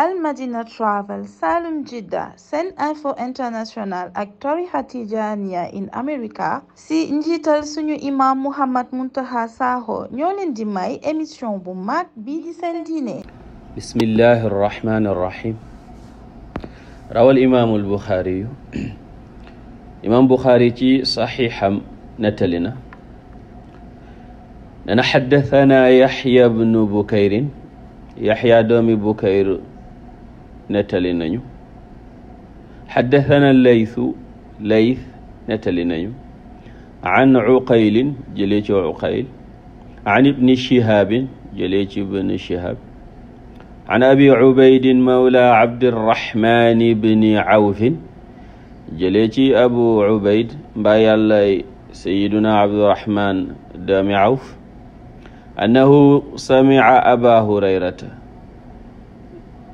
al madina travel salum jidda sen info international ak tarixa tijaniya in america si njiital suñu imam Mouhammad Muntaqa Sakho ñoo di may émission bu mag bii di seen diine bismillahi arrahmani arrahim rawal imaamu albuxaari yu imaam ci saxiixam nettali na nana xaddatanaa yaxya bnu bukayrin yaxya doomi bukayr nettali nañu xaddathana laythu layth nettali nañu an uqaylin jëlee ci uqayl an ibni shihabin jëlee ci ibni shihab an abi ubaydin mawla abdirrahmani bni awfin jëlee ci abu ubayd mbaa yàllay sayiduna abdirrahman dami awf annahu samica aba hurayrata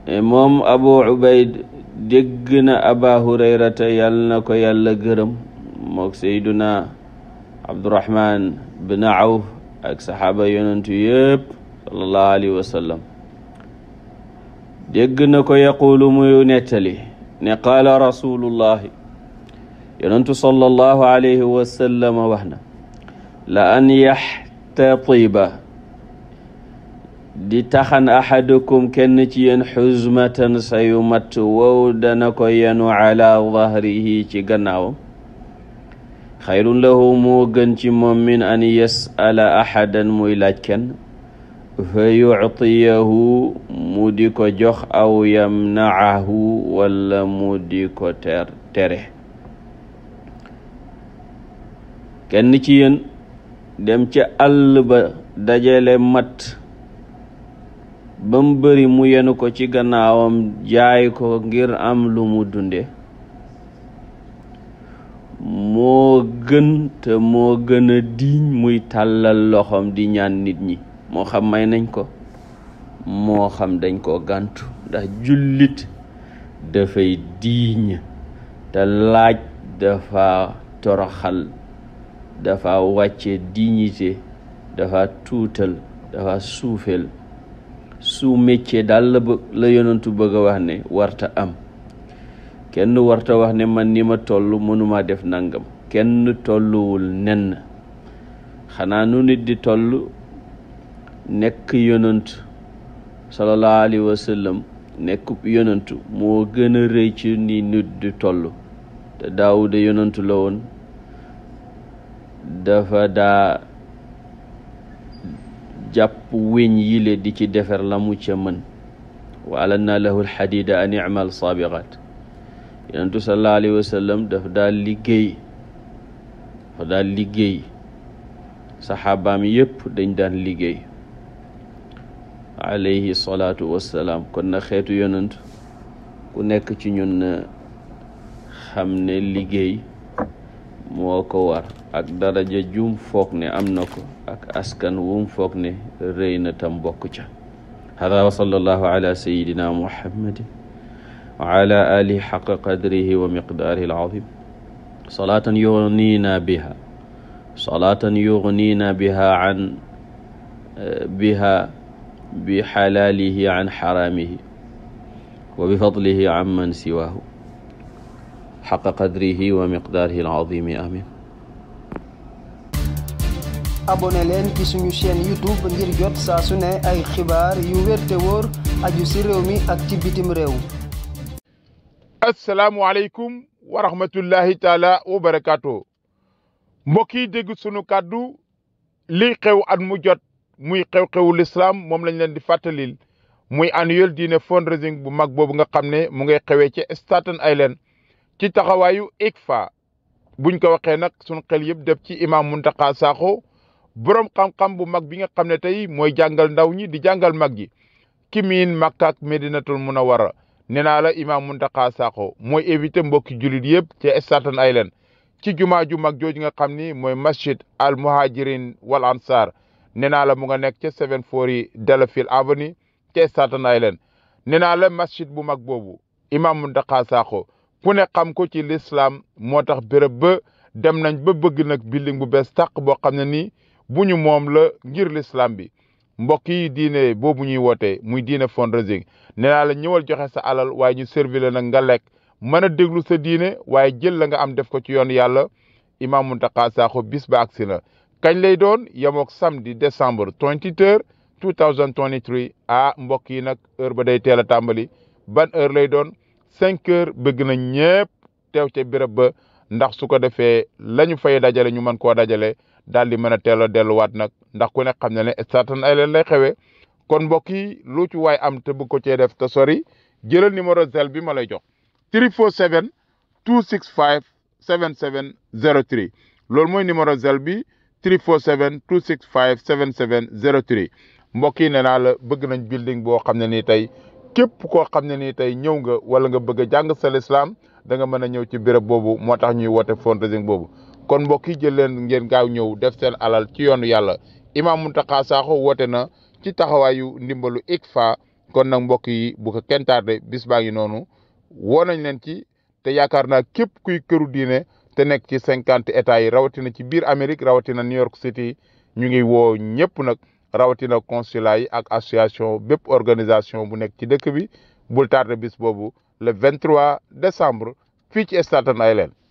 Eh, moom abu ubayd dégg na aba hurayrata yal na ko yàlla gërëm mook seyduna abdurahman bin awf ak saxaaba yonentu yëpp sallallahu alayhi wa sallam dégg na ko yaquulu muy nettali ne qaala rasulullahi yonentu sallallahu alayhi wa sallam wax na la an yaxtatiba di taxan axadukum kenn ci yéen xuzmatan sayu mat wow dana ko yenu ala dahrihi ci gannaawam xayrun lahu moo gën ci moom min an yasala axadan muy laaj kenn fa yuctiyahu mu di ko jox aw yamnaahu wala mu di ko ter tere kenn ci yéen dem ca àll ba dajale mat ba mu bëri mu yenu ko ci gannaawam jaay ko ngir am lu mu dunde moo gën te moo gën a muy tàllal loxoom di ñaan nit ñi moo xam may nañ ko moo xam dañ koo gàntu ndax jullit dafay diiñ te laaj dafa toroxal dafa wàcce dignité dafa tuutal dafa suufeel su métier daal la bë la yonantu bëgg a wax ne warta am kenn warta wax ne man ni ma tollu mënuma def nangam kenn tolluwul nenn xanaa nu nit di toll nekk yonant sallallahu alayhi wa sallam nekk yonantu moo gën a rëy ci ni nit di tollu te daawuda yonantu la woon dafa daa jàpp weñ yile di ci defer la mu ca mën wa alanna lahu alxadida an imal saabixat yenentu sallallahu alayhi wa sallam daf daal liggéey dafa liggéey saxaabaam yépp dañ daan liggéey alayhi salaatu wassalaam kon na xeetu yonent nekk ci ñun na eh, xam ne liggéey moo ko war ak daraja jum foog ne am na ko ak askan wum foog ne rëy na tam bokk ca hada wa sallallahu ala sayidina muhammadin wa ala alihi xaqa qadrihi wa miqdaarihi alazim salaatan yugniina biha salaatan yugniina biha an biha bi xalaalihi an xaraamihi wa bi fadlihi amman siwaahu xaqa qadrihi wa miqdaarihi suñu chaîne youtube ngir jot saa su ne ay xibaar yu wér te wóor aju si réew mi ak ci bitim réew asalaamualeykum wa rahmatullahi taala wa barakaatu mbokk yi dégg sunu kàddu li xew at mu jot muy xew-xewu lislaam moom lañ leen di fàttalil muy annuel dinner fundraising bu mag boobu nga xam ne mu ngay xewee ci Staten Island ci taxawaayu ICFA buñ ko waxee nag sunu xel yëpp def ci imam Muntaqa Sakho borom xam-xam bu mag bi nga xam ne tey mooy jàngal ndaw ñi di jàngal mag gi ki miin Makka ak Medinatul Munawwara nee naa la imam Muntaqa Sakho mooy éviter mbokki jullit yëpp ci Staten Island ci jumaa ju mag jooju nga xam ni mooy masjid al muhajirin wal ansar nee naa la mu nga nekk ca 740 Delafield Avenue ca Staten Island nee naa la masjid bu mag boobu imam Muntaqa Sakho ku ne xam ko ci lislaam moo tax béréb ba dem nañ ba bëgg nag building bu bees tàq boo xam ne nii bu ñu moom la ngir lislaam bi mbokk yi diine boobu ñuy wootee muy diine fundraising nee naa la ñëwal joxe sa alal waaye ñu servi nag nga lekk mën a déglu sa diine waaye jël la nga am def ko ci yoon yàlla Imam Mountakha saako bis ba si na kañ lay doon sam yemook samedi décembre 23 2023 ah mbokk yi nag heure ba day teel a tàmbali ban heure lay doon cinq heures bëgg nañ ñëpp teew ca béréb ba ndax su ko defee la ñu fay dajale ñu mën koo dajale daal di mën a teel a delluwaat nag ndax ku ne xam na ne satan ay leen lay xewee kon mbokk yi lu waay am te bëgg ko cee def te sori jëlal numéro zel bi ma lay jox 347 265 7703 loolu mooy numéro zel bi 347 265 7703 mbokk yi nee naa la bëgg nañ building boo xam ne nii tey képp koo xam ne nii tey ñëw nga wala nga bëgg jàng sa lislaam da mën a ñëw ci béréb boobu moo tax ñuy woote fundraising boobu kon mbokk yi jël leen ngeen gaaw ñëw def seen alal ci yoonu yàlla Imam Mountakha Sakho woote na ci taxawaayu ndimbalu ICFA kon nag mbokk yi bu ko kenn tardé noonu woo nañ leen ci te yaakaar naa képp kuy këru diine te nekk ci cinquante états yi rawatina ci biir Amérique rawatina New York City ñu ngi woo ñëpp nag. rawatina consulat ak association bépp organisation bu nekk ci dëkk bi bul tardé bis boobu le 23 décembre fii ci Staten Island